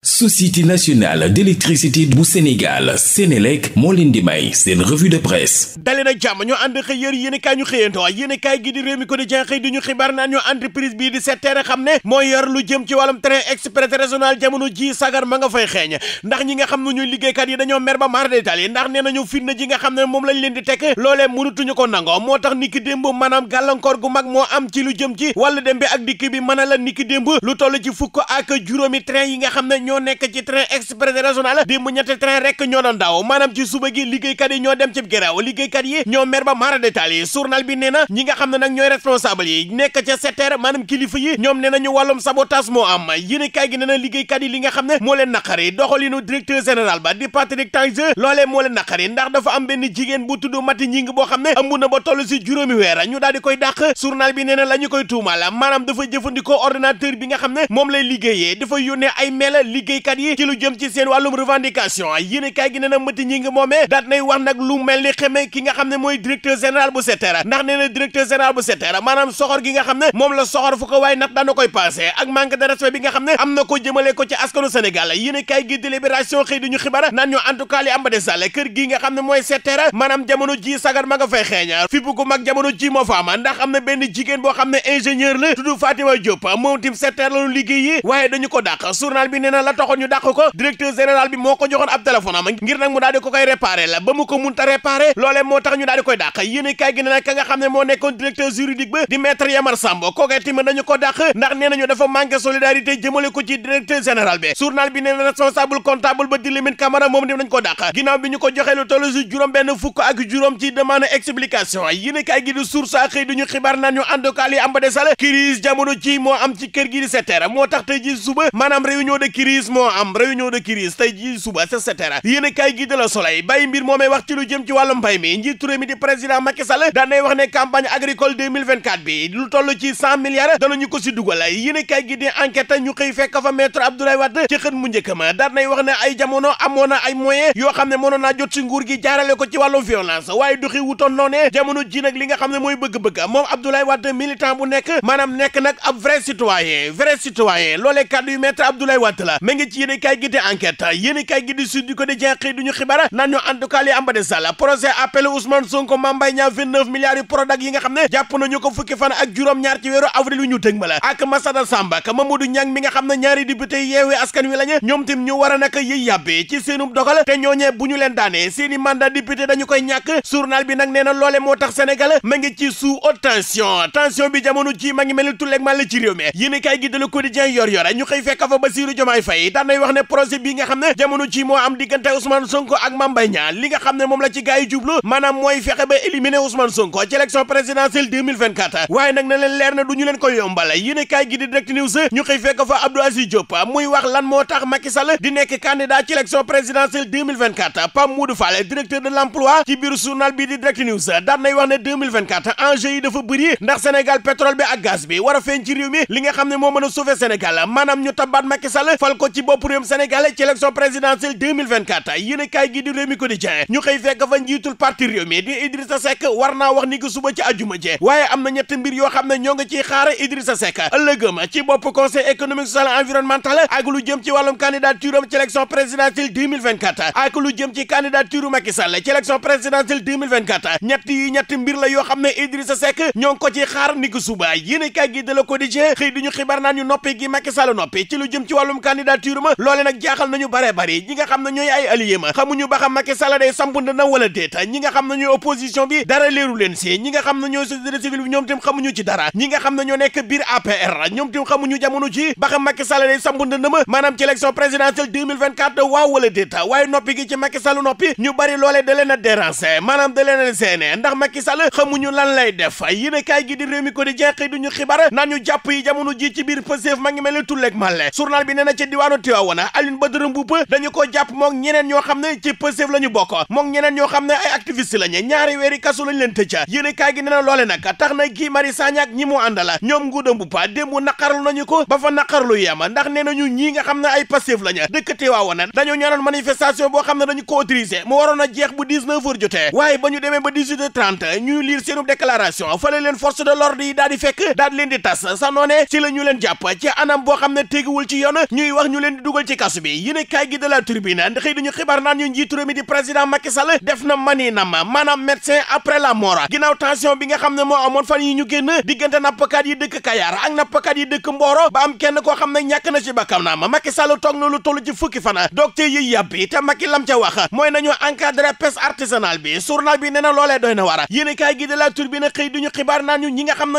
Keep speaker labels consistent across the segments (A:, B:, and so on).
A: société nationale d'électricité bu Sénégal Sénélec moo leen di may seen revue de presse dali jàmm ñoo ànd xëy yër yéen i kaay ñu xëyantoo yéen i gi di réew mi ko di jenxëy di ñu xibaar naan entreprise bii di SETER xam ne mooy yor lu jëm ci wàllum train express régional jamono ji sagar ma nga fay xeeñ ndax ñi nga xam ne liggéeykat yi dañoo mer ba mar détail ndax nee nañu fitna ji nga xam ne moom lañ leen di tekk loolee mënutuñu ko nangoo moo tax niki démb maanaam gàllankoor gu mag bi ak a la niki démb lu toll ci fukk ak juróomi xam ne ñoo nekk ci train express régional démb ñetti train rek ñoo doon daaw ci suba gi liggéeykat yi ñoo dem ci gëraaw liggéeykat yi ñoo mer ba mara détail yi journal bi nee na ñi nga xam ne nag ñooy responsable yi nekk ca secteur maanaam kilifa yi ñoom nee nañu wàllum sabotage moo am yéene kaay gi nee na liggéeykat yi li nga xam ne moo leen naqari doxalinu directeur général ba di Patrick Tange loolee moo leen naqari ndax dafa am benn jigéen bu ne ëmb na ba toll si juróomi weer ñu daal di koy dàq journal bi nee na la ñu koy tuumal maanaam dafa jëfandikoo bi nga xam ne moom lay liggéeyee dafa yónnee liggéeykat yi ci lu jëm ci seen wàllum revendication yéene kaay gi nee mëti ñi ngi moomee daat nay wax nag lu mel ni xeme ki nga xam ne moom la soxor fu ko waaye nat daana koy passé ak manque de respect bi nga xam ne am na ko jëmale ko ci askanu Sénégal yéene kaay gi di xëy di ñu xibaar naan ñu en tout cas li kër gi nga xam ne mooy SETER maanaam jamono ji sagar ma nga fay xeeña fi bu mag jamono ji moo ndax am boo xam ne ingénieur la tudd Fatima Diop na la taxoon ñu ko directeur général bi moo ko joxoon ab téléphone am ngir nag mu daal di ko koy réparé la ba mu ko munta réparé loolee moo tax ñu daal di koy dàq yéen kay gi ne nag ka nga xam ne moo nekkoon directeur juridique ba di maître Yamar Sambo kookee dañu ko dàq ndax nee nañu dafa manqué solidarité jëmale ko ci directeur général bi journal bi nee na responsable comptable ba di Lamine Camara moom dem nañ ko dàq ginnaaw bi ñu ko joxee lu toll si juróom benn ci demande am ba kër gi di setter moo tax tey ji suba maanaam réunion crise moo am réunion de crise tey ji suba et cetera yéen a kaay gi la Soleil bàyyi mbir moomee wax ci jëm ci wàllum mbay mi njiitu mi di président Macky Sall wax ne campagne agricole bi lu toll ci cent milliards danañu ko si dugal yéen a ñu xëy fekk fa maître Abdoulaye Wade ci xët mu njëkk ma daan wax ne ay jamono amoon na ay moyens yoo xam ne mënoon naa jot si nguur gi jaarale ko ci wàllum violence waaye doxi wutoon noo ne jamono ji nag li ma ngi ci yéene kaay gi di enquête yéene kaay gi di sud du quotidien xëy duñu ñu en tout cas li am ba des daal procès appel Ousmane Sonko Mame Mbaye Niang 29 milliards yu yi nga xam ne jàpp nañu ko fukki fan ak juróom-ñaar ci weeru avril ñu tëg ma la ak Massata Samba ak Mamadou Niang mi nga xam ne ñaari député yeewi askan wi lañu ñoom tim ñu war a naka yiy ci seenub dogal te ñooñee bu ñu leen daanee seeni mandat député dañu koy moo tax Sénégal ma ngi ci sous haute tension tension ñu xëy fekk fa yi wax ne projet bi nga xam ne jamono ji moo am diggante Ousmane Sonko ak Mame Mbaye li nga xam ne moom la ci gars yi jublu mooy fexe ba éliminer Ousmane Sonko ci élection présidentielle waaye nag na leer ne du ñu leen ko yombal yéen kaay gi di Direct News ñu xëy fekk fa Abdou Aziz Diop muy wax lan moo tax Macky Sall di nekk candidat ci élection présidentielle 2024 Pape Moudou Fall directeur de l'emploi ci biir journal bi di Direct News daan wax ko ci bopp réewum Sénégal ci élection présidentielle 2024 yéen a kaay gi di Rewmi Quotidien ñu xëy fekk fa njiitul parti Rewmi di Idrissa Seck war naa wax ni suba ci ajuma ji waaye am na ñetti mbir yoo xam ne ñoo nga ciy xaar Idrissa Seck ëllëgëm ci bopp conseil économique social et environnemental ak lu jëm ci wàllum candidature ci élection présidentielle 2024 ak lu ñett yi la yoo xam ne Idrissa ci xaar a kaay gi de la xëy di ñu xibaar naan ñu noppi gi Macky Sall noppi ci lu jëm ci candidature ma loole nag jaaxal nañu bare bari ñi nga xam ne ñooy ay allié ma xamuñu ba xam Macky Sall day samp ndëndam ñi nga xam ne ñooy opposition bi dara leeru leen si ñi nga xam ne ñooy société civile bi ñoom tam xamuñu ci dara ñi nga xam ne ñoo nekk biir APR ñoom tam xamuñu jamono ci ba xam Macky Sall day samp ndëndam maanaam ci élection présidentielle 2024 waaw wala déet waaye noppi gi ci Macky noppi ñu bari loolee da leen na diwaanu Tivaouane Alioune Badara Mboup dañu ko jàpp mook ñeneen ñoo xam ne ci Pastef la ñu bokk mook ñeneen ñoo xam ne ay activiste lañu ñaari weeri kasu lañ leen tëj yéene kaay gi nee na loole tax na Guy Marius Sagna ñi mu àndala ñoom nguuda Mboup démb naqarlu nañu ko ba fa naqarlu yem ndax nee nañu ñii nga xam ne ay Pastef lañu dëkk Tivaouane dañoo ñaanoon manifestation boo xam ne dañu ko autorisé mu waroon a jeex bu 19 heures jotee waaye ba ñu demee ba 18 heures 30 ñuy lire seenu déclaration fale leen ne téegiwul ñu leen di dugal ci kasu bi yéen kaay gi de la Tribune ndaxëy naan ñu njiitu réew mi di président Macky Sall def na mani nam maanaam médecin après la mort ginnaaw bi nga xam ne moo amoon fan yi ñu génn diggante nappkat yi dëkk Kayar ak nappkat yi dëkk Mboro ba am kenn koo xam ne ñàkk na ci bakkanam Macky Sall toog na lu toll ci fukki fana docteur yi yàbbi te Macky lam ca wax mooy na ñu ñi nga xam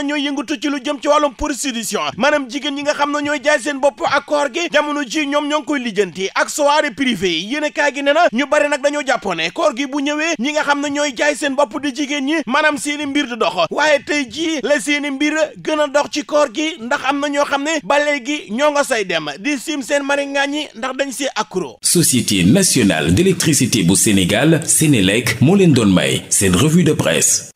A: ne ñooy jamono ñoom ñoo ngi koy lijjanti ak soirée privée yi yéen a kaay gi ne na ñu bari nag dañoo jàppoone koor gi bu ñëwee ñi nga xam ne ñooy jaay seen bopp di jigéen ñi maanaam seeni mbir di dox waaye tey jii la seeni mbir gën a dox ci koor gi ndax am na ñoo xam ne ba léegi ñoo nga say dem di sim seen mari ngaañi ndax dañ see accro société nationale d'électricité bu Sénégal Sénélec moo leen doon may seen revue de presse